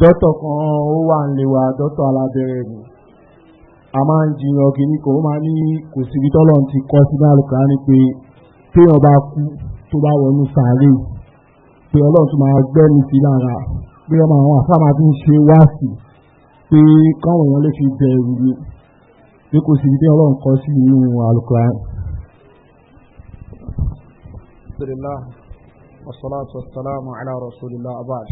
dọ́tọ̀ kan ó wà ń lè wa dọ́tọ̀ alábẹ́rẹ́ ni a máa ń jiyàn kìíní kan ó máa ní kò síbi tọ́lọ̀ ti kọ́ sí náà lùkà ní pé téèyàn bá kú tó bá wọnú sàárè pé ọlọ́run tó máa gbẹ́ni sí lára pé ọmọ àwọn àfáàmà tó ń ṣe wáàsì pé káwọn èèyàn lè fi bẹ̀rù ni pé kò síbi tí ọlọ́run kọ́ sí inú àlùkà. Alhamdulillah, wassalatu wassalamu ala rasulillah abad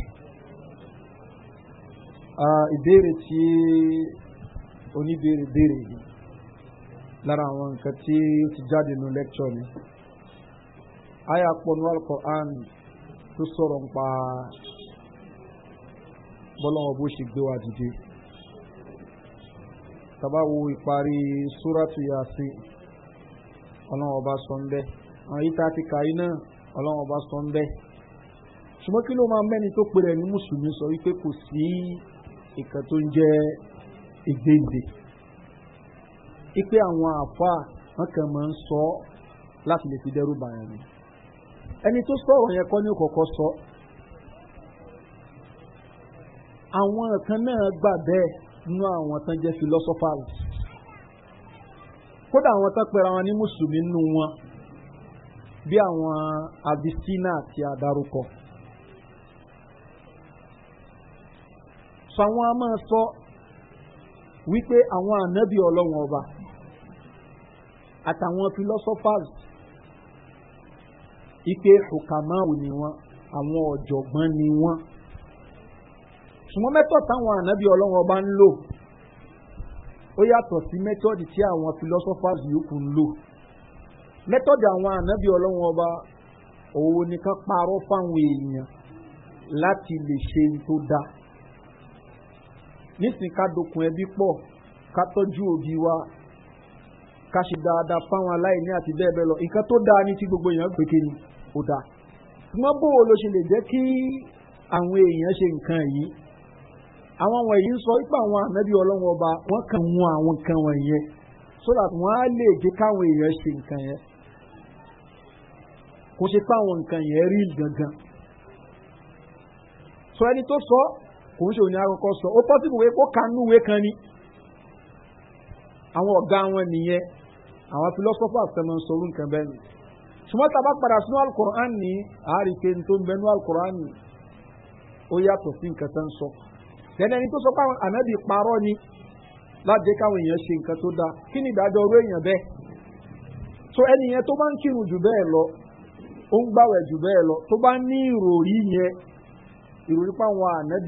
ìbéèrè tí oníbéèrè béèrè yìí lára àwọn nǹkan tí ó ti jáde nínú lẹ́kṣọ̀ ni aya pọnú alkọ̀án tó sọ̀rọ̀ ń pa bọ́lọ́wọ́ bó ṣe gbé wa dìde tabawo ìparí súrátù yàsí ọlọ́wọ́ bá sọ ń bẹ́ àwọn yìí tá a ti kà yín náà ọlọ́wọ́ bá sọ ń ṣùgbọ́n kí ló máa mẹ́ni tó pe rẹ̀ ní mùsùlùmí sọ wípé kò sí Ikan tó ń jẹ́ ìgbéǹde ipe àwọn àfáà wọn kàn máa ń sọ láti lè fi dẹ́rù bàyàn ni ẹni tó sọ̀rọ̀ yẹn kọ́ ní kọ̀kọ́ sọ àwọn kan náà gbà bẹ́ẹ̀ nú àwọn tán jẹ́ philosophers kódà àwọn tán pera wọn ní mùsùlùmí nù wọn bí àwọn abisina àti adarúkọ. sọ àwọn a máa sọ wípé àwọn ànábì ọlọ́wọ́n ọba àtàwọn philosophers ipe hukamaru ni wọn àwọn ọ̀jọ̀gbọ́n ni wọn ṣùgbọ́n mẹ́tọ̀ táwọn ànábì ọlọ́wọ́n ọba ń lò ó yàtọ̀ sí mẹ́tọ́dì tí àwọn philosophers yòókù ń lò mẹ́tọ́dì àwọn ànábì ọlọ́wọ́n ọba òun nìkan parọ́ fáwọn èèyàn láti lè ṣe tó dáa nísìn ká dokùn ẹbí pọ̀ ká tọ́jú òbí wa ká ṣe dáadáa fáwọn aláìní àti bẹ́ẹ̀ bẹ́ẹ̀ lọ nǹkan tó dáa ní tí gbogbo èèyàn pé ni ó dáa ṣùgbọ́n bó o lo ṣe lè jẹ́ kí àwọn èèyàn ṣe nǹkan yìí àwọn wọ̀nyí ń sọ wípé àwọn ànábì ọlọ́run ọba wọ́n kàn ń wọn àwọn nǹkan wọ̀nyẹn so that wọ́n á lè jẹ́ káwọn èèyàn ṣe nǹkan yẹn kò ṣe pé àwọn nǹkan yẹn rí gangan sọ ẹni tó sọ kò ń ṣe òní akọkọ sọ ó pọ́sibù pé kó kanú ìwé kan ní. àwọn ọ̀gá wọn nìyẹn àwọn filọ́sọ́fà sẹ́mọ̀ sọ̀rọ̀ nǹkan bẹ́ẹ̀ ni ṣùgbọ́n a padà sínú alukur'an ni àárín pé tó ń bẹ nú ni ó yàtọ̀ sí nǹkan tó ń ni tó sọ pé parọ́ ni láti káwọn èèyàn ṣe nǹkan tó dáa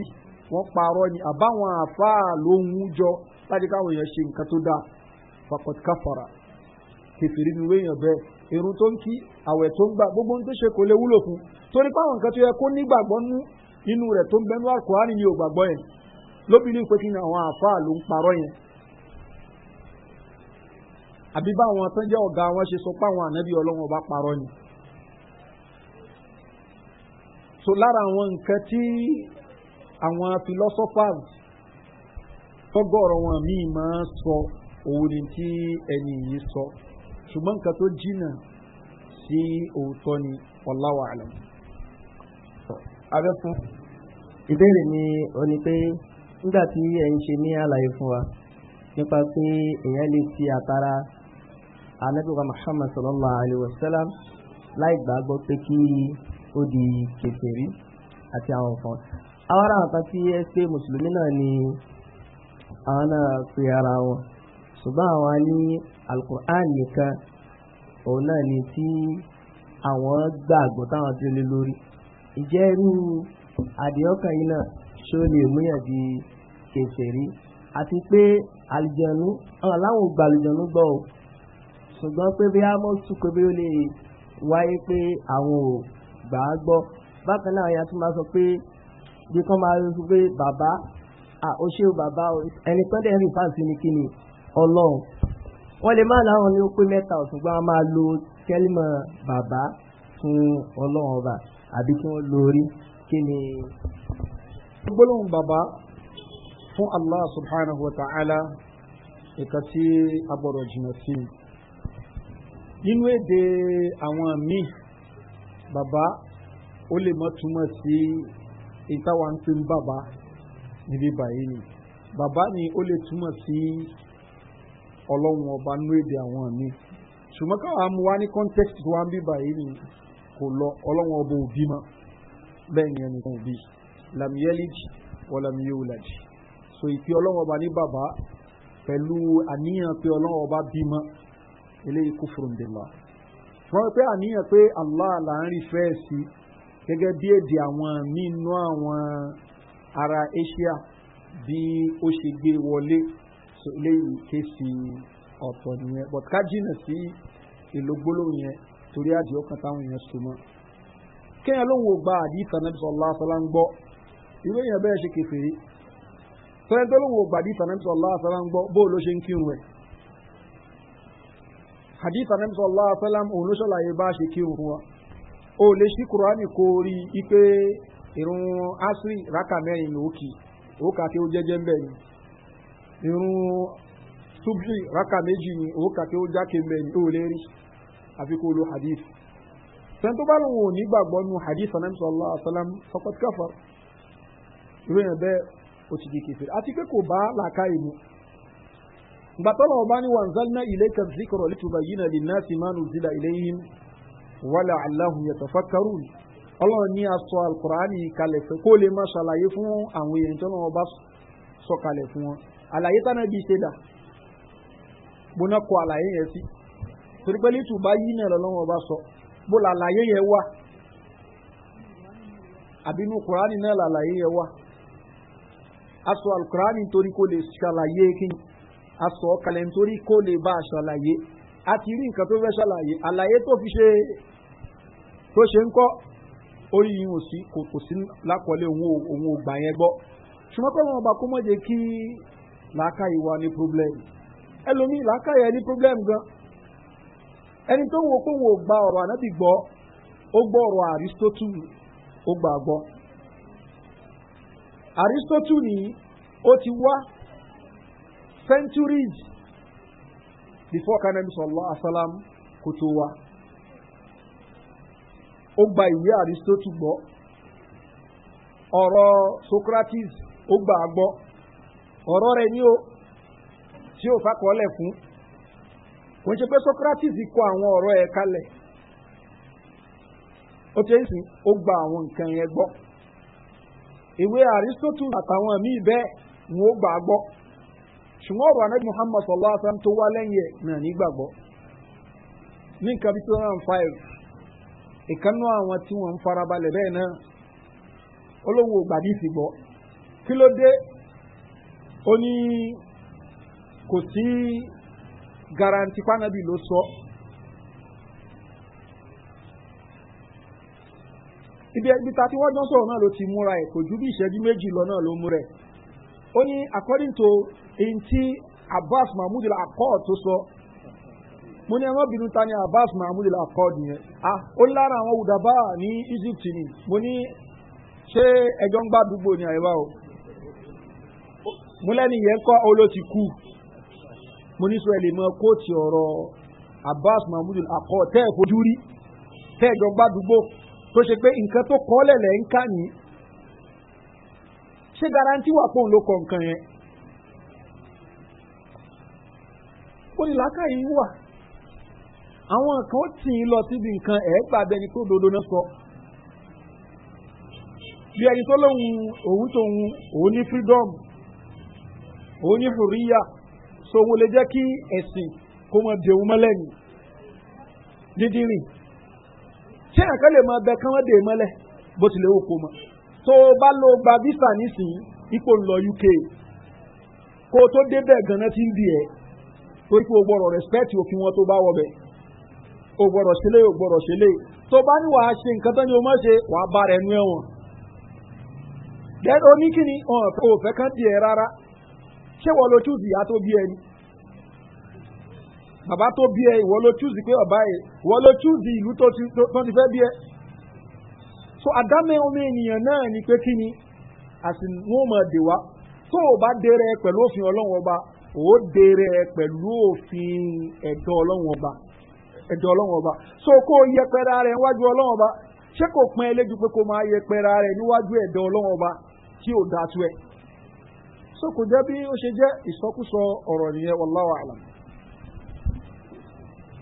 kí wọ́n parọ́ ni àbáwọn àfáà ló ń jọ láti káwọn èèyàn ṣe nǹkan tó dáa fakọt káfara kẹfìrí ni wéèyàn bẹ́ẹ̀ irun tó ń kí àwẹ̀ tó ń gbà gbogbo ń tó ṣe kò lè wúlò fún torí pé nǹkan tó yẹ kó nígbàgbọ́ nú inú rẹ̀ tó ń bẹnu àkùránì ni ò gbàgbọ́ yẹn lóbìnrin pé kí ni àwọn àfáà ló ń parọ́ yẹn àbí báwọn tó jẹ́ ọ̀gá wọn ṣe sọ pé ànábì ọlọ́run ọba parọ́ ni. so lára àwọn nǹkan tí àwọn philosophers tọ́gọ̀rọ̀ wọn míì máa sọ òun ni tí ẹni yìí sọ ṣùgbọ́n nǹkan tó jìnnà sí òótọ́ ni ọ̀làwà àlọ́. abẹ́fún ìbéèrè mi ò ní pé nígbà tí ẹ̀ ń ṣe ní àlàyé fún wa nípa pé èèyàn lè fi àtàrà anábìwá muhammad sallallahu alayhi wa sallam láì gbàgbọ́ pé kí ó di kẹfẹ́rí àti àwọn nǹkan àwọn ará àta tí ẹ pé mùsùlùmí náà ni àwọn náà fi ara wọn ṣùgbọ́n àwọn ní alukur'an nìkan òun náà ni tí àwọn gbàgbọ́ táwọn ti lé lórí ìjẹ́ irú àdéhọ́kàn yìí náà ṣó lè múyàn di kèfèrí àti pé àlùjànnú àwọn aláwọ̀ gba àlùjànnú gbọ́ o ṣùgbọ́n pé bí amọ́sù pé bí ó lè wáyé pé àwọn ò gbà á gbọ́ bákan náà ya tún máa sọ pé bí kan máa rí pé bàbá ó ṣe bàbá ẹni tán dẹ̀ rí fáǹsì ní kíni ọlọ́run wọ́n lè má láwọn ní ó pé mẹ́ta ṣùgbọ́n a máa lo kẹ́límọ̀ bàbá fún ọlọ́run ọba àbí kí wọ́n lo orí kí ni. gbólóhùn bàbá fún allah subhanahu wa ta'ala ìka tí a gbọ́dọ̀ jìnnà sí i nínú èdè àwọn míì bàbá ó lè mọ́ túmọ̀ sí ìtawà ń pè ń bàbá níbi báyìí ni bàbá ni ó lè túmọ̀ sí ọlọ́run ọba nú èdè àwọn mi ṣùgbọ́n káwa mú wa ní context wa ń bí báyìí ni kò lọ ọlọ́run ọba òbí mọ́ bẹ́ẹ̀ ni ẹnìkan òbí lamiyelid wọ lamiyewulad so ìpè ọlọ́run ọba ní bàbá pẹ̀lú àníyàn pé ọlọ́run ọba bímọ eléyìí kúfùrùndínlá wọ́n pẹ́ àníyàn pé allah là ń sí gẹ́gẹ́ bí èdè àwọn nínú àwọn ara asia bí ó ṣe gbé wọlé so eléyìí ké sí ọ̀pọ̀ nìyẹn but ká jìnnà sí èlò gbólóhùn yẹn torí àdìẹ ọkàn táwọn èèyàn so mọ́ kéèyàn lóun ò gba àdìsá nàbí sọlá sọlá ń gbọ́ irú èèyàn bẹ́ẹ̀ ṣe kẹfìrí sọyẹn tó lóun ò gba àdìsá nàbí sọlá sọlá gbọ́ bóòlù ló ṣe ń kírun ẹ̀ àdìsá nàbí sọlá sọlá òun ló ṣọlá yẹn bá ṣe kírun fún wa o lè ṣí kùránì kó o rí i pé irun asiri raka mẹ́rin ló kì ó ó jẹ́jẹ́ ń ni irun subhi raka méjì ni ó kà kí ó jáke ń ni ó lè rí àfi kó hadith sẹ́ńtọ́ bá lòun ò ní gbàgbọ́ nu hadith anamsa allah asalam fọkọt káfà irú yẹn bẹ́ẹ̀ ó ti di kẹfẹ́ àti pé kò bá làákà ìmú gbàtọ́ lọ́wọ́ bá ní wàǹzálínà ilé kẹ́mísì kọ̀rọ̀ lẹ́tùbà yìí nà lè ná sí mánu zila ilé yìí wàlà aláhùn yẹtọ̀ fákàrù ọlọ́run ní aṣọ alukur'ani kalẹ̀ fẹ́ kó lè má ṣàlàyé fún àwọn èèyàn tó náà bá sọ kalẹ̀ fún wọn àlàyé tánà bíi ṣe dà bóná kọ àlàyé yẹn sí torí pé lítù bá yí náà lọ́wọ́ bá sọ bó làlàyé yẹn wà àbínú kur'ani náà làlàyé yẹn wà aṣọ alukur'ani torí kó lè ṣàlàyé kí aṣọ kalẹ̀ nítorí kó lè bá ṣàlàyé àti rí nǹkan tó fẹ́ ṣàlàyé àlàyé tó fi ṣe. tó ṣe ń kọ́ osi kò sí lákọọ́lé òun ògbà yẹn gbọ́ ṣùgbọ́n kọ́ wọn ọba kó jẹ́ kí ní pírọ́blẹ́mù ẹlòmíì làákàyè ní pírọ́blẹ́mù gan ẹni tó ń wo pé òun ò gba ọ̀rọ̀ ànábì gbọ́ ó gbọ́ ọ̀rọ̀ àrístótù ni ó ti wá centuries before kò tó ó gba ìwé àrístótù gbọ́ ọ̀rọ̀ socrates ó gba á ọ̀rọ̀ rẹ̀ o tí ò fakọọ́lẹ̀ fún kò ń ṣe pé socrates kọ àwọn ọ̀rọ̀ ẹ̀ kalẹ̀ ó ti ń sìn gba àwọn nǹkan yẹn gbọ́ ìwé àrístótù àtàwọn míì bẹ́ẹ̀ ni ó gbà gbọ́ ṣùgbọ́n ọ̀rọ̀ anabi tó wá lẹ́yìn ẹ̀ nà ní nǹkan bí ìkànnú àwọn tí wọ́n ń farabalẹ̀ bẹ́ẹ̀ náà olówó gbàdí sì gbọ́ kí ló dé ó ní kò sí garanti panabi ló sọ ibi ibi ta ti wọ́jọ́ sọ̀rọ̀ náà ló ti múra ẹ̀ kò ju bí ìṣẹ́jú méjì lọ náà ló mú rẹ̀ ó ní according to in ti abbas mahmood akọ́ tó sọ. So, mo ní ẹ̀rọ bínú ta ni abbas mahmood akọ́ọ̀dù yẹn ah ó lára àwọn wùdàbà ní egypt ni mo ní ṣé ẹjọ́ ń gbàdúgbò ní àyẹ̀wò o mo lẹ́ni yẹn kọ́ ó ló ti kú mo ní sọ ẹ̀ lè mọ kóòtù ọ̀rọ̀ abbas mahmood akọ́ tẹ́ ẹ̀ fojú rí tẹ́ ẹjọ́ gbàdúgbò tó ṣe pé nǹkan tó kọ́ lẹ̀lẹ̀ ń kà ní ṣé garanti wà pé ló kọ nǹkan yẹn ó ní làákàyè wà àwọn kan ó tì í lọ síbi nǹkan ẹ̀ gbàgbẹ́ ni kó dodo náà sọ bí ẹni tó lóun òun tóun òun ní freedom òun ní fòríyà so òun lè jẹ́ kí ẹ̀sìn kó mọ dèun mọ́lẹ̀ ni dídìrín ṣé àkàn lè máa bẹ kán wọ́n dè mọ́lẹ̀ bó tilẹ̀ wò kó mọ́ tó o bá lo gba visa nísìnyí ipò ń lọ uk kó o tó débẹ̀ gan-an ti ń di ẹ̀ torí pé o gbọ́dọ̀ respect òfin wọn tó bá wọ bẹ́ẹ̀. o sele ṣe sele o gbọ́dọ̀ ṣe tó bá ní wàá ṣe nǹkan tó ní o má ṣe wàá bá rẹ̀ nú ẹ̀wọ̀n. chuzi oníkíni kò fẹ́ kán tiẹ̀ rárá ṣé wọ́n lo chúùsì ìyá tó bí ẹ ni. bàbá tó bí ẹ lo chúùsì pé ọ̀bá ẹ lo ti fẹ́ bí so ènìyàn ni pé kíni àti wọn mọ̀ dè wá tó o bá dere pẹ̀lú òfin ọlọ́wọ́n ọba pẹ̀lú ẹ̀dọ̀ ọlọ́wọ́n ọba so kó o yẹpẹrẹ ara ẹ̀ níwájú ọlọ́wọ́n ọba ṣé kò pọn ẹlẹ́jú pé kó máa yẹpẹrẹ ara ẹ̀ níwájú so kò jẹ́ bí ó ṣe jẹ́ ìsọkúsọ ọ̀rọ̀ nìyẹn wàláwà àlà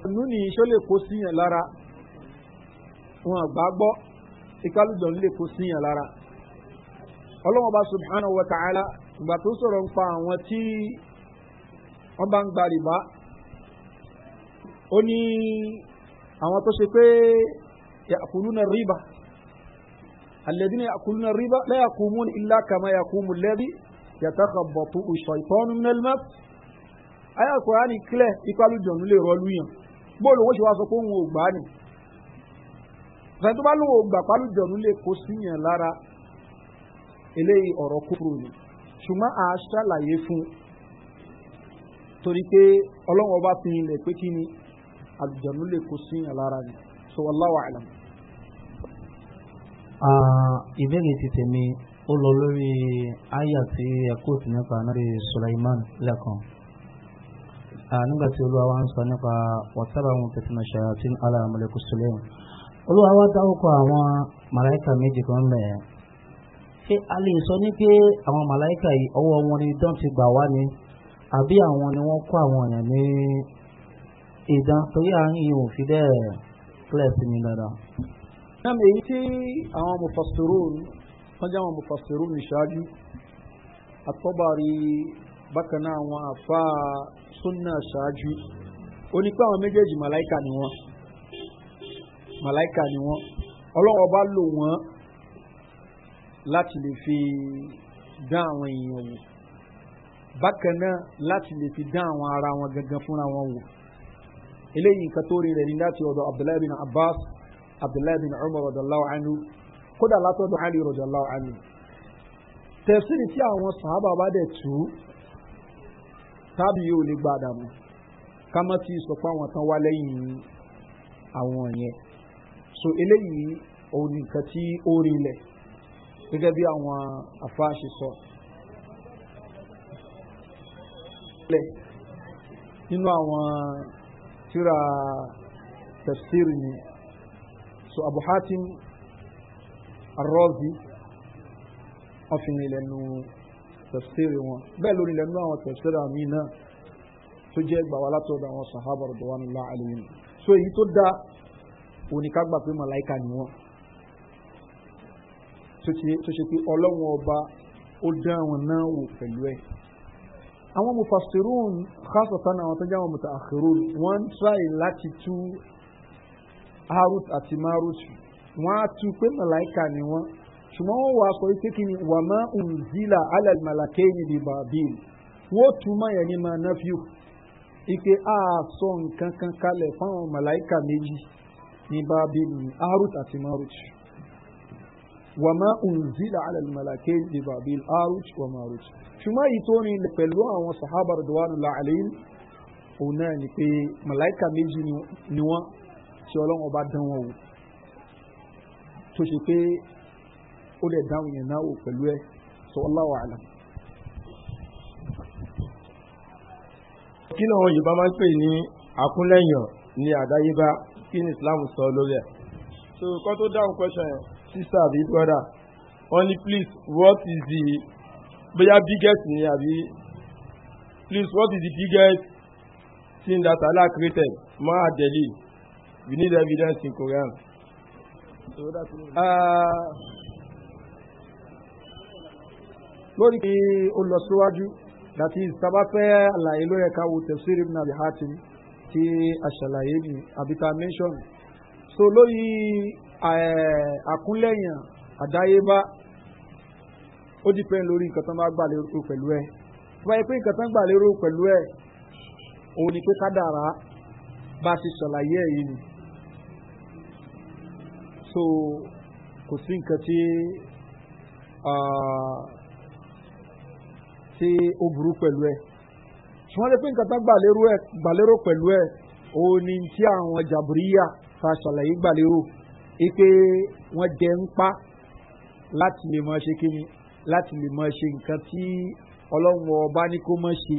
ẹnu ni iṣẹ́ lè kó lára wọn àgbà gbọ́ ìkálùjọ lè kó síyàn lára ọlọ́wọ́n bá subhanahu wa ó ní àwọn tó ṣe pé yàkùnúnà ríbà alẹ́dínà yàkùnúnà ríbà lẹ́yàkùnmú ilá kama yàkùnmú lẹ́bí yàtàkàbọ̀tù ìṣọ̀ ìtọ́nù mẹ́lẹ́mẹ́ ayàkùnrin ní kílẹ̀ ìpalùjọ̀nù lè rọlú yàn bóòlù owó ṣe wá sọ pé òun ò gbà ní fẹ́ẹ́ tó bá lóun ò gbà palùjọ̀nù lè kó síyàn lára eléyìí ọ̀rọ̀ kúrò ni ṣùgbọ́n a ṣàlàyé fún torí pé ọlọ́wọ́n bá fi ilẹ̀ pé kí ni àlùjọ̀nù lè kó sí ìyànlára ni so wallahu a'lam. ìbéèrè ti tèmi ó lọ lórí àyà tí ẹ̀kọ́ ti nípa lórí Sulaiman lẹ́kan nígbà tí olúwa wa ń sọ nípa wàtábà àwọn tẹ̀sán ṣàyàtì aláàmúlẹ̀kù Sulaiman olúwa wa dáwọ́kọ̀ àwọn màláìka méjì kan bẹ̀yẹn ṣé a lè sọ ní pé àwọn màláìka yìí ọwọ́ wọn ni dán ti gbà wá ni àbí àwọn ni wọ́n kó àwọn èèyàn ní ìdán torí àárín yìí ò fi bẹ́ẹ̀ clear sí mi dáadáa. Nam èyí tí àwọn mufassirun wọ́n jẹ́ àwọn mufassirun ìṣáájú àtọ́bàrí bákan náà àwọn àfa súnà ṣáájú ó ní pé àwọn méjèèjì màláìka ni wọ́n màláìka ni wọ́n ọlọ́wọ́ bá lò wọ́n láti lè fi dá àwọn èèyàn wò bákan náà láti lè fi dá àwọn ara wọn gangan fúnra wọn wò eléyìí nǹkan tó rí rẹ̀ ní láti ọ̀dọ̀ abdullahi bin abbas abdullahi bin umar rọ̀dọ̀láwọ̀ ánú kódà látọ̀dọ̀ ali rọ̀dọ̀láwọ̀ ánú tẹ̀sírì tí àwọn sàábà bá dẹ̀ tù ú tábì yóò lè gba àdàmú ká má ti sọ pé àwọn tán wá lẹ́yìn so eléyìí òun nìkan tí ó rí ilẹ̀ gẹ́gẹ́ bí àwọn àfa ṣe sọ nínú àwọn tíra tafsir ni so abu hatim arọ́ọ̀zì ọ̀fìnrin lẹ́nu tafsir wọn bẹ́ẹ̀ lórí lẹ́nu àwọn tafsir àmì náà tó jẹ́ gbàwá látọ̀dọ̀ àwọn sahaba rọ̀dọ̀wá ńlá àlùyìn so èyí tó dá oníkágbà pé màláìka ni wọn tó ṣe pé ọlọ́wọ́n ọba ó dá àwọn náà wò pẹ̀lú ẹ̀ àwọn mufasirun kásọ̀tán àwọn tó jáwọn mùtà àkèrún wọ́n ń tíráì láti tú harut àti marut wọ́n á tú pé màláìka ni wọ́n ṣùgbọ́n wọ́n wà sọ wípé kí ni wà alẹ́ màlàkẹ́ yìí di bàbíl wọ́n túmọ̀ yẹn ní máa náfíù ike a sọ nǹkan kan kalẹ̀ fáwọn màláìka méjì ní bàbíl ni harut àti marut wàmá unzila ala malakai di babil aruj wa maruj ṣùgbọ́n yìí tó ní pẹ̀lú àwọn sahaba rẹ̀dùwánu làálẹ́yìn òun náà ni pé màláìka méjì ni wọ́n tí ọlọ́run ọba dán wọn wò tó ṣe pé ó lè dáhùn yẹn náà wò pẹ̀lú ẹ sọ ọláwà àlà. kí làwọn yorùbá máa ń pè ní àkúnlẹ̀yàn ní àdáyébá kí islam sọ lórí ẹ̀. so kọ́ tó dáhùn question yẹn sister àbí brother Only, please what is the bóyá biggest ni àbí please what is the biggest thing that allah created ma adeli we need evidence in koran. lórí kí o lọ síwájú dàtí sábà fẹ́ àlàyé lórí ẹ̀ka wo tẹ̀síìrì ibùnà àbí hàtìmí aṣàlàyé ni àbíta mention so lórí Eh, àkúnlẹ̀yàn àdáyébá ó dìpẹ́ lórí nǹkan tó ń bá gbà lérò pẹ̀lú ẹ̀ tó bá yẹ pé nǹkan tó ń gbà lérò pẹ̀lú ẹ̀ òun ni pé kádàrá bá ti ṣàlàyé ẹ̀ yìí so kò sí nǹkan tí tí ó burú pẹ̀lú ẹ̀ ṣùgbọ́n lè pé nǹkan tó gbà lérò pẹ̀lú ẹ̀ òun ni tí àwọn jàbúríyà ta ṣàlàyé gbà lérò ipe wọ́n jẹ ń pa láti lè mọ ṣe kíni láti lè mọ ṣe nǹkan tí ọlọ́run ọba ní kó mọ̀ ṣe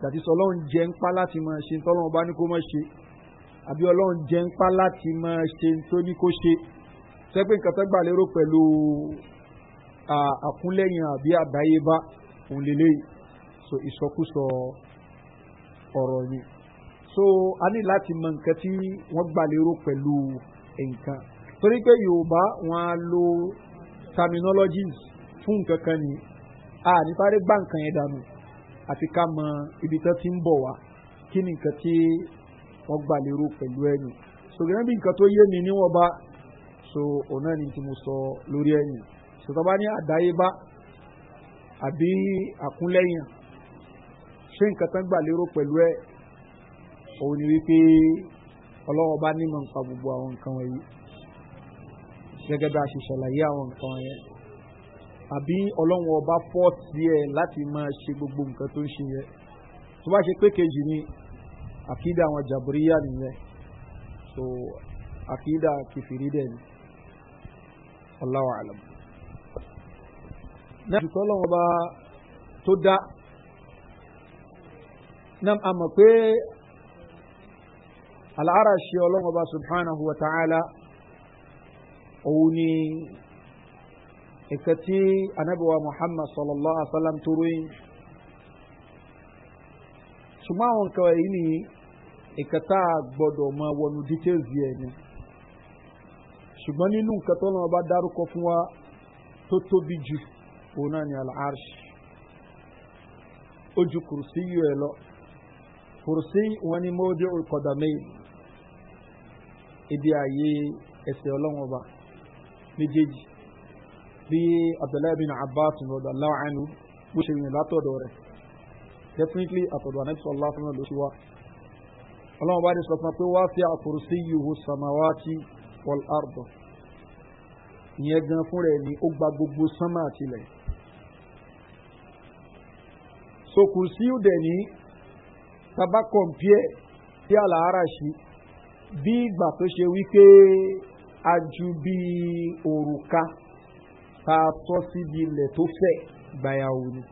tàbí sọ ọlọ́run jẹ ń pa láti mọ ṣe tí ọlọ́run ọba ní kó mọ̀ ṣe àbí ọlọ́run jẹ ń pa láti mọ ṣe tó ní kó ṣe sẹ́pẹ́ nǹkan tó gbà lérò pẹ̀lú àkúnlẹ̀yìn àbí àdáyébá òun lélẹ́yìí so ìsọkúsọ ọ̀rọ̀ ni so a ní láti mọ nǹkan tí wọ́n gbà lérò pẹ̀lú nǹkan torí pé yorùbá wọn á lo terminologies fún nǹkan kan ni a ní sáré gbá nǹkan yẹn dànù àfi ká mọ ibi tó ti ń bọ̀ wá kí ni nǹkan tí wọ́n gbà lérò pẹ̀lú ẹ̀yìn sògùn bí nǹkan tó yé mi níwọ̀n bá so òun náà ni tí mo sọ lórí ẹ̀yìn sọ̀tọ́ bá ní àdáyébá àbí àkúnlẹ́yìn ṣé nǹkan tán gbà lérò pẹ̀lú ẹ̀ òun ni wípé ọlọ́wọ́ bá nímọ̀ nípa gbogbo àwọn nǹkan wọ̀nyí gẹ́gẹ́ bí a ṣe ṣàlàyé àwọn nǹkan yẹn àbí ọlọ́wọ́ bá fọ́ tiẹ̀ láti máa ṣe gbogbo nǹkan tó ń ṣe yẹ tó bá ṣe pé kejì ni àkídà àwọn jàbúríyà nìyẹn so àkídà kìfìrí dẹ̀ ni ọláwà àlàm. náà ṣùgbọ́n ọlọ́wọ́ bá tó dá náà a mọ̀ pé alára ṣe ọlọ́mọba subhanahu wa ta'ala òun ni ìkẹ́ tí anábíwá muhammad sallallahu alaihi wa sallam tó ròyìn ṣùgbọ́n àwọn nǹkan yìí ni ìkẹta gbọ́dọ̀ mọ wọnú details yẹn ni ṣùgbọ́n nínú nǹkan tó lọ́wọ́ bá wa tó tóbi jù òun ni alárṣì ó ju kùrùsí yìí ẹ lọ kùrùsí wọn ni mọ́ọ́dé ibi ààyè ẹsẹ̀ ọlọ́wọ́n ọba méjèèjì bí abdullahi bin abbas rọ̀dọ̀ aláwọ̀ bó ṣe rìn látọ̀dọ̀ rẹ̀ definitely àtọ̀dọ̀ anẹ́tí sọ̀lá fún ẹ̀ ló ṣe wá ọlọ́wọ́n bá ní sọ fún pé wá sí àkùrùsí yuhu samawati wal ardo ìyẹn gan fún rẹ̀ ni ó gba gbogbo sánmà àtìlẹ̀ so kùrùsí yóò dẹ̀ ní tabakọ̀mpiẹ́ sí àlàárà ṣí bí ìgbà tó ṣe wípé a ju bí òrùka ta tọ́ síbi ilẹ̀ tó fẹ̀ gbàyàwó ni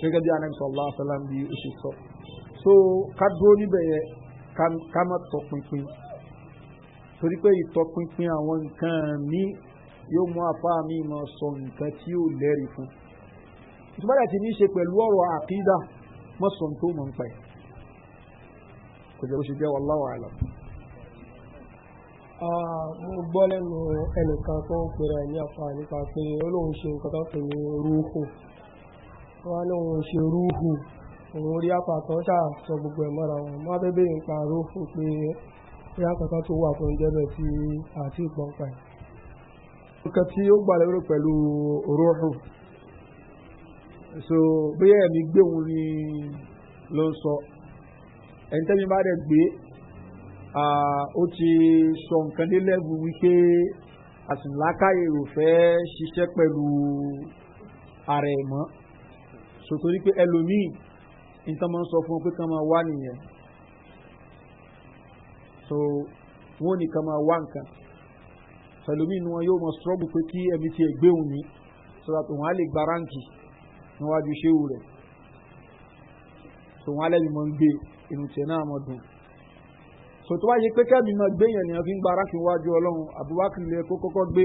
gẹ́gẹ́ bí anamisa allah salam bí o ṣe sọ so ká dúró níbẹ̀ yẹ ká má tọpinpin torí pé ìtọpinpin àwọn nǹkan mi yóò mú apá mi mọ sọ nǹkan tí yóò lẹ́rìí fún ìtumọ̀lá ti ní í ṣe pẹ̀lú ọ̀rọ̀ àkídà mọ̀sán tó mọ̀ ń pa ẹ̀ kò jẹ́ bó ṣe jẹ́ wallahu a'lam. Ah, mo gbọ́ lẹ́nu ẹnìkan tó ń pèrè ní àfa nípa pé ó lóun ṣe nǹkan tó ń pè ní rúhù wọ́n á lóun ṣe rúhù òun rí apá kan ṣáà sọ gbogbo ẹ̀ mọ́ra wọn má bẹ́ẹ̀ bẹ́ẹ̀ nípa rúhù pé bí àkọ́kọ́ tó wà fún ìjẹ́bẹ̀ tí àti ìpọ̀npa nǹkan tí ó gbà lérò pẹ̀lú rúhù so bí ẹ̀mí gbéhùn ni ló ń sọ ẹni tẹ́mi bá dẹ̀ gbé ó ti sọ nǹkan dé lẹ́bù wípé àsìlákàyè rò fẹ́ ṣiṣẹ́ pẹ̀lú ara ẹ̀ mọ́ sòtòrí pé ẹlòmíì nǹkan máa ń sọ fún ọ pé kàn máa wá nìyẹn so wọn ní kàn máa wá nǹkan ẹlòmíì ni wọn yóò mọ sọ́ọ̀bù pé kí ẹ̀mí tiẹ̀ gbé òun ní sọ́dọ̀ pé wọ́n á lè gba ráǹkì níwájú ṣéwù rẹ̀ so wọ́n á lẹ́yìn mọ́ ń gbé ìrùntẹ̀ náà mọ̀ dùn sòtò wáyé pé kẹ́mi náà gbé yẹn nìyẹn fi ń gba arákùn iwájú ọlọ́run abubakar lè kó kọ́kọ́ gbé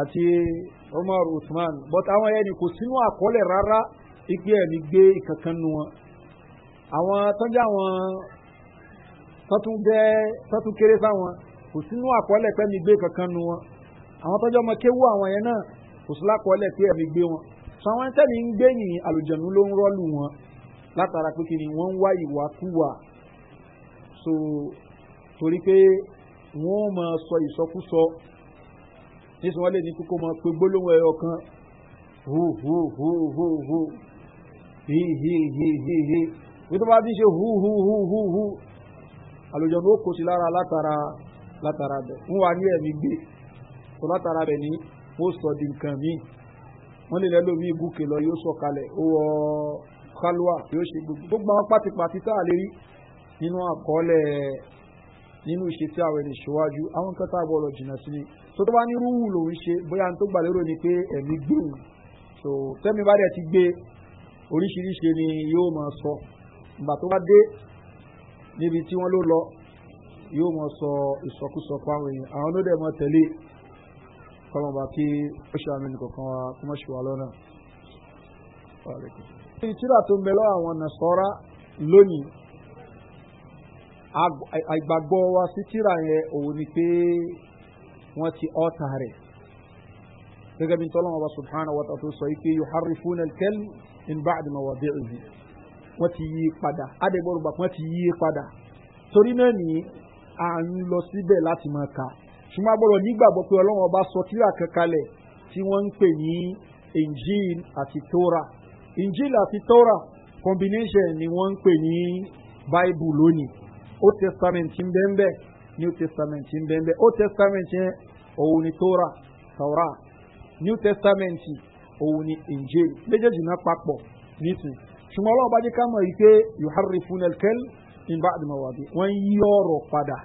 àti omar usman but àwọn ẹni kò sínú àkọọ́lẹ̀ rárá ipe ẹ̀mí gbé ìkankan nu wọn àwọn tọ́jú àwọn tọ́tún jẹ́ tọ́tún kéré sáwọn kò sínú àkọọ́lẹ̀ pẹ́mi gbé ìkankan nu wọn àwọn tọ́jú ọmọ kéwú àwọn yẹn náà kò sí lákọọ́lẹ̀ pé ẹ̀mí gbé wọn sọ àwọn tẹ́mi ń gbé yìnyín àlùjẹ̀nu ló ń rọ́ọ̀lù wọn látara pé kí ni wọ́n ń wá ìwàkúwà so torí pé wọ́n máa sọ ìsọkúsọ nísìnyí wọ́n lè ní kókó máa pe gbólóhùn ẹyọ kan hu hu hu hu hu hi hi hi hi hi bí tó bá ti ṣe hu hu hu hu hu àlùjọ ní ó kó sí lára látara látara bẹ̀ ń wà ní ẹ̀mí gbé kó látara bẹ̀ ní ó sọ di nǹkan míì wọ́n lè lẹ́lòmíì gúkè lọ yóò sọ kalẹ̀ ó wọ́ọ́ kálúà yóò ṣe gbogbo àwọn pátipàti tá a lè rí nínú àkọọ́lẹ̀ nínú ìṣesí àwọn ẹni ṣíwájú àwọn nǹkan tá a gbọ́dọ̀ jìnnà sí ni tó tó bá ní rúwù lòún ṣe bóyá tó gbà lérò ni pé ẹ̀mí gbòòrò so tẹ́mi bá dẹ̀ ti gbé oríṣiríṣi ni yóò máa sọ ìgbà tó bá dé níbi tí wọ́n ló lọ yóò máa sọ ìsọkúsọ fáwọn èèyàn àwọn ló dẹ̀ mọ tẹ̀lé kọ́mọba kí ó ṣàmì nìkan kan wa kọ́mọṣùwà lọ́nà. Wa alaikum tíra tó ń bẹ lọ́wọ́ àwọn nàṣọ́ra lónìí àgbàgbọ́ wa sí tíra yẹn òun ni pé wọ́n ti ọ́ta rẹ̀ gẹ́gẹ́ bí tọ́lọ́mọ bá subhanahu wa ta'u sọ pé yóò harry funel kel in ba'ad ma wà bẹ́ẹ̀ òbí wọ́n ti yí padà adẹ́gbọ́rùgbà wọ́n ti yí padà torí náà ni à ń lọ síbẹ̀ láti máa ka ṣùgbọ́n agbọ́dọ̀ nígbàgbọ́ pé ọlọ́wọ́n bá sọ tíra kankalẹ̀ tí wọ́n ń pè ní injil àti torah injil àti torah combination ni wọ́n ń pè ní bible lónìí old testament ń bẹ́ẹ̀ bẹ́ẹ̀ new testament ń bẹ́ẹ̀ bẹ́ẹ̀ old testament yẹn òun ni torah torah new testament òun ni injil méjèèjì náà papọ̀ nísìn ṣùgbọ́n ọlọ́ọ̀bá jẹ́ ká mọ̀ yìí pé yohane funelkel ìgbà àdìmọ̀wàbí wọ́n ń yí ọ̀rọ̀ padà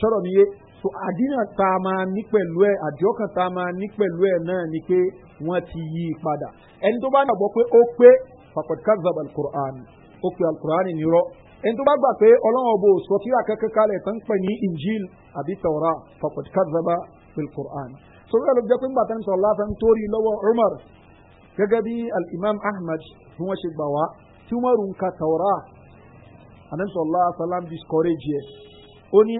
ṣọ́rọ̀ mi yé so àdínà tá a máa ní pẹ̀lú ẹ̀ àdìọ́kàn tá a máa ní pẹ̀lú ẹ̀ náà ni pé wọ́n ti yí i padà ẹni tó bá nàbọ̀ pé ó pé fàkọ̀tíkà zab alukur'an ó pe alukur'an ní rọ ẹni tó bá gbà pé ọlọ́wọ́n bò sọ tí akẹ́kẹ́ kalẹ̀ tó ń pè ní injil àbí tawra fàkọ̀tíkà zab alukur'an sọ́dọ̀ ẹ̀ ló jẹ́ pé ń bàtà ní sọ̀rọ̀ láfẹ́ ń torí lọ́wọ́ umar gẹ́gẹ́ bí alimam ahmed bí wọ́n ṣe gbà wá tí umar ń ka tawra anamsọ̀rọ̀ láfẹ́ lám discourage yẹ ó ní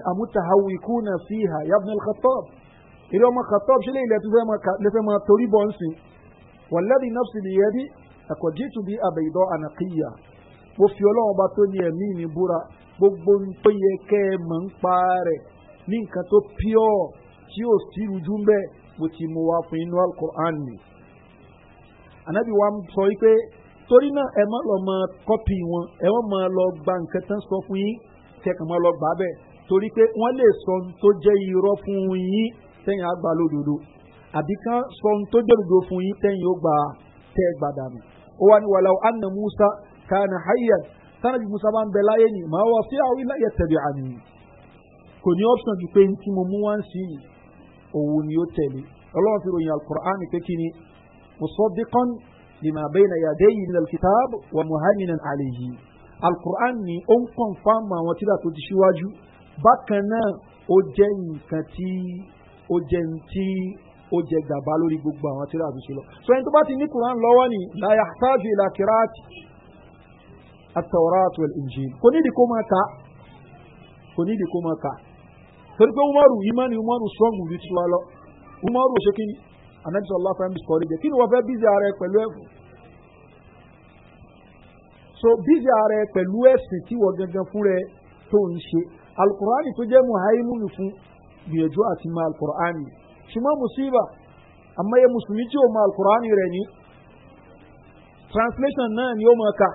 ìrẹ́ ọmọ kàtọ́b ṣe lè ilẹ̀ tó fẹ́ máa torí bọ́ ń sìn wọ̀lẹ́dì nọ́ọ̀sì lè yẹ bí ẹ̀kọ́ jíìtù bí abẹ́ ìdọ́ ànàkìyà mo fi ọlọ́run bá tó ní ẹ̀mí mi búra gbogbo ń pé yẹ kẹ́ ẹ mọ̀ ń pa rẹ̀ ní nǹkan tó pure tí ò sí rújú ń bẹ́ mo ti mú wa fún inú alukur'an ni. ànábì wa sọ wípé torí náà ẹ má lọ mọ kọ́pì wọn ẹ wọ́n mọ lọ gba nǹkan tán sọ fún yín kẹ́kàn mọ́ lọ gbà bẹ́ẹ̀ torí pé wọ́n lè sọ tó jẹ́ irọ́ fún yín tẹ́yìn á gba lódodo àbí ká sọ ohun tó jòdodo fún yín tẹ́yìn ó gba tẹ́ ẹ gbàdà nù. ó wá ní wàhálà anna musa kana hayyan sanabi musa bá ń bẹ láyé ni màá wọ sí àwọn ilé ẹ̀tẹ̀bí àmì kò ní option ju pé tí mo mú wá ń sí yìí òun ni ó tẹ̀lé ọlọ́run fi ròyìn alukur'an pé kí ni musaddiqan lima bẹ́ẹ̀na yàdẹ́yìn ilẹ̀ kitab wa muhammidan alayhi alukur'an ni ó ń kọ́nfàmù àwọn tíra tó ti ṣíwájú bákan náà ó jẹ́ nǹkan tí ó jẹ́ ní tí ó jẹ gàba lórí gbogbo àwọn tíra àtúnṣe lọ so ẹni tó bá ti ní quran lọ́wọ́ ni láyà tájú ìlà kiraati àtọ̀rọ̀ àtọ̀rọ̀ ìjì kò ní ìdíkó máa ka kò ní ìdíkó máa ka torí pé umaru yìí ni umaru strong ju ti lọ umaru ṣe kí ni anabisa allah fẹ́ mi sọ̀rọ̀ jẹ kí ni wọ́n fẹ́ bízi ara ẹ pẹ̀lú ẹ̀fọ́ so bízi ara ẹ pẹ̀lú ẹ̀sìn tí wọ́n gangan fún rẹ tó ń ṣe alukurani tó jẹ́ muhaimunu fún gbìyànjú àti máa alukur'ani ṣùgbọ́n musiba àmọ́yẹ mùsùlùmí tí ó máa alukur'ani rẹ̀ ní translation náà ni ó máa ka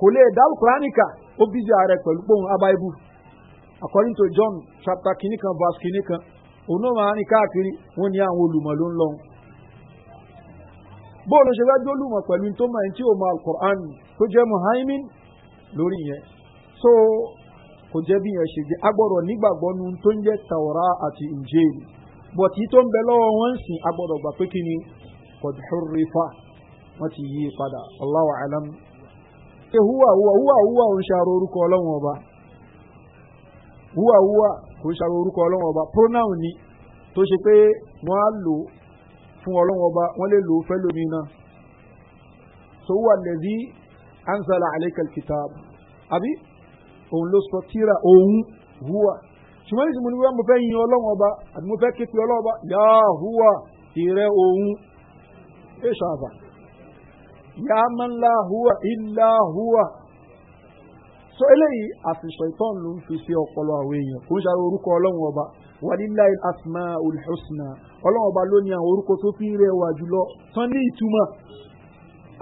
kò lè dá alukur'ani ka ó bízi ààrẹ pẹ̀lú pòun abaibu according to john chapter kìíní kan verse kìíní kan òun náà máa rìn káàkiri wọn ni àwọn olùmọ̀ ló ń lọ. ṣe fẹ́ jólùmọ̀ pẹ̀lú tó máa ń tí ó máa alukur'ani tó jẹ́ muhaimin lórí yẹn so kò jẹ́ bí yẹn ṣe jẹ́ agbọ́dọ̀ nígbàgbọ́ nu tó ń jẹ́ tàwọ́rá àti ìjẹ́ni bọ̀tí tó ń bẹ lọ́wọ́ wọn ń sìn agbọ́dọ̀ gbà pé kí ni kọ̀dùrúrífà wọ́n ti yí padà ọláwà alam ṣe húwà húwà ò ń ṣàrò orúkọ ọlọ́wọ́n ọba húwà kò ń ṣàrò orúkọ ọlọ́wọ́n ọba pronoun ni tó ṣe pé wọ́n á lò fún ọlọ́wọ́n ọba wọ́n lè lò fẹ́ lómi náà so húwà lẹ́bí ansala alekal kitab àbí òun ló sọ tíra òun hùwà ṣùgbọ́n ní ìsìnkú mo fẹ́ yin ọlọ́run ọba àti mo fẹ́ képe ọlọ́run ọba yà hùwà tìrẹ òun ẹ ṣàfà yà máa ń la hùwà ìlà hùwà so eléyìí àfihàn ìtọ́n ló ń fi ṣe ọpọlọ àwọn èèyàn kò ń ṣe àwọn orúkọ ọlọ́run ọba wàlílà asma olùhùsùnà ọlọ́run ọba ló ní àwọn orúkọ tó fi ń rẹwà jùlọ tán ní ìtumọ̀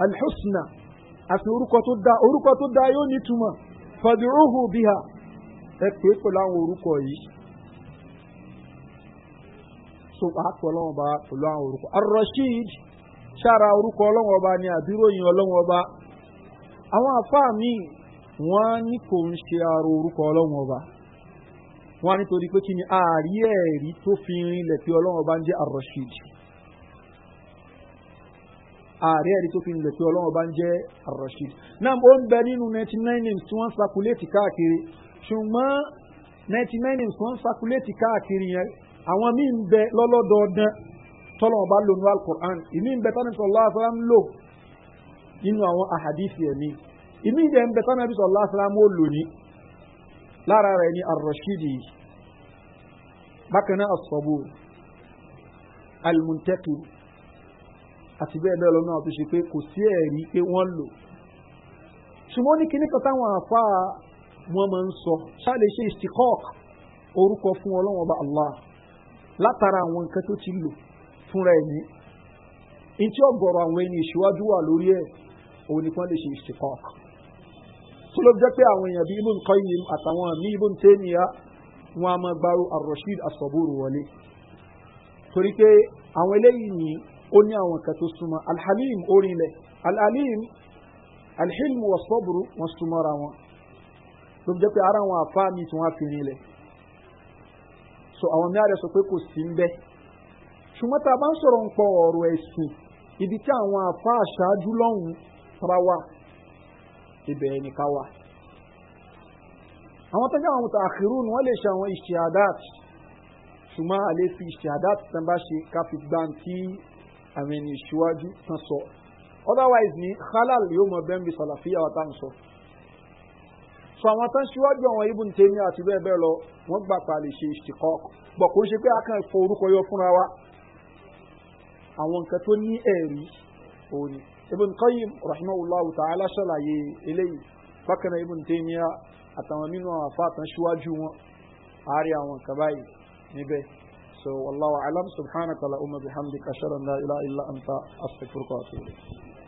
alhùsùnà àti orúkọ tó dá orúkọ tó dá yóò ní ìtumọ̀. fàdúrúhù bí ha ẹ pè é pẹ̀lú àwọn orúkọ yìí so àpò ọlọ́wọ́n bá pẹ̀lú àwọn orúkọ arrasheed sára orúkọ ọlọ́wọ́n bá ní àdúróyìn ọlọ́wọ́n bá àwọn àfáà míì wọ́n ní kò ń ṣe ara orúkọ ọlọ́wọ́n bá wọ́n á nítorí pé kí ni ààrí ẹ̀rí tó fi rinlẹ̀ pé ọlọ́wọ́n bá ń jẹ́ ààrẹ ẹ̀rí tó fi lè pé ọlọ́run bá ń jẹ́ arashid náà ó ń bẹ nínú ninety nine names tí wọ́n ń sakuléètì káàkiri ṣùgbọ́n ninety nine names wọ́n ń sakuléètì káàkiri yẹn àwọn míì ń bẹ lọ́lọ́dọọdán tọ́lọ́run bá lò ní alukur'an ìmí ń bẹ tánà sọ lọ́wọ́ ń lò nínú àwọn ahadisi ẹ̀mí ìmí ìdẹ̀ ń bẹ tánà sọ lọ́wọ́ àti bẹ́ẹ̀ bẹ́ẹ̀ lọ́nà tó ṣe pé kò sí ẹ̀rí pé wọ́n lò ṣùgbọ́n ní kíní kan táwọn àfa wọn máa ń sọ ṣáàlè ṣe istikọ́ọ̀k orúkọ fún ọlọ́wọ́n ọba allah látara àwọn nǹkan tó ti lò fúnra ẹ̀mí ní tí ọ̀gọ̀rọ̀ àwọn ẹni ìṣíwájú wà lórí ẹ̀ òun nìkan lè ṣe istikọ́ọ̀k tó ló jẹ́ pé àwọn èèyàn bíi ibùn kọ́yìn àtàwọn àmì ibùn tẹ́nìyà wọn a máa gbárù arọ́ṣíd asọ̀bùrù ó ní àwọn kan tó súnmọ́ alhalim orinlẹ̀ alhalim alhilmu wa sọ́bùrù wọn súnmọ́ra wọn ló jẹ́ pé ara wọn àfa mi tí wọ́n fi rinlẹ̀ so àwọn mìíràn sọ pé kò sí ń bẹ́ ṣùgbọ́n tá a bá ń sọ̀rọ̀ ń pọ̀ ọ̀rọ̀ ẹ̀sìn ibi tí àwọn àfa àṣáájú lọ́hùn tara wa ibẹ̀ ẹni wa àwọn tọ́jú àwọn mùtàkìrún wọ́n lè ṣe àwọn ìṣe àdáàtì ṣùgbọ́n àlè ìṣe àdáàtì tán bá ṣe ká fi àwọn ẹni ìṣíwájú tán sọ otherwise ní halal yóò mọ bẹ́ẹ̀ bí sàlàfíà wa tá à ń sọ. sọ àwọn tán ṣíwájú àwọn ibùn tèmi àti bẹ́ẹ̀ bẹ́ẹ̀ lọ wọ́n gbà pa lè ṣe ìṣìkọ́ bọ̀ kó ṣe pé a kàn fọ orúkọ yọ fúnra wa àwọn nǹkan tó ní ẹ̀rí òní. ibùn kọ́yìn rahimahullah ta'ala ṣàlàyé eléyìí bákan náà ibùn tèmi àtàwọn nínú àwọn àfa àtàn ṣíwájú wọn àárẹ̀ àwọn nǹkan níbẹ̀. So والله أعلم سبحانك اللهم بحمدك أشهد أن لا إله إلا أنت أستغفرك وأتوب إليك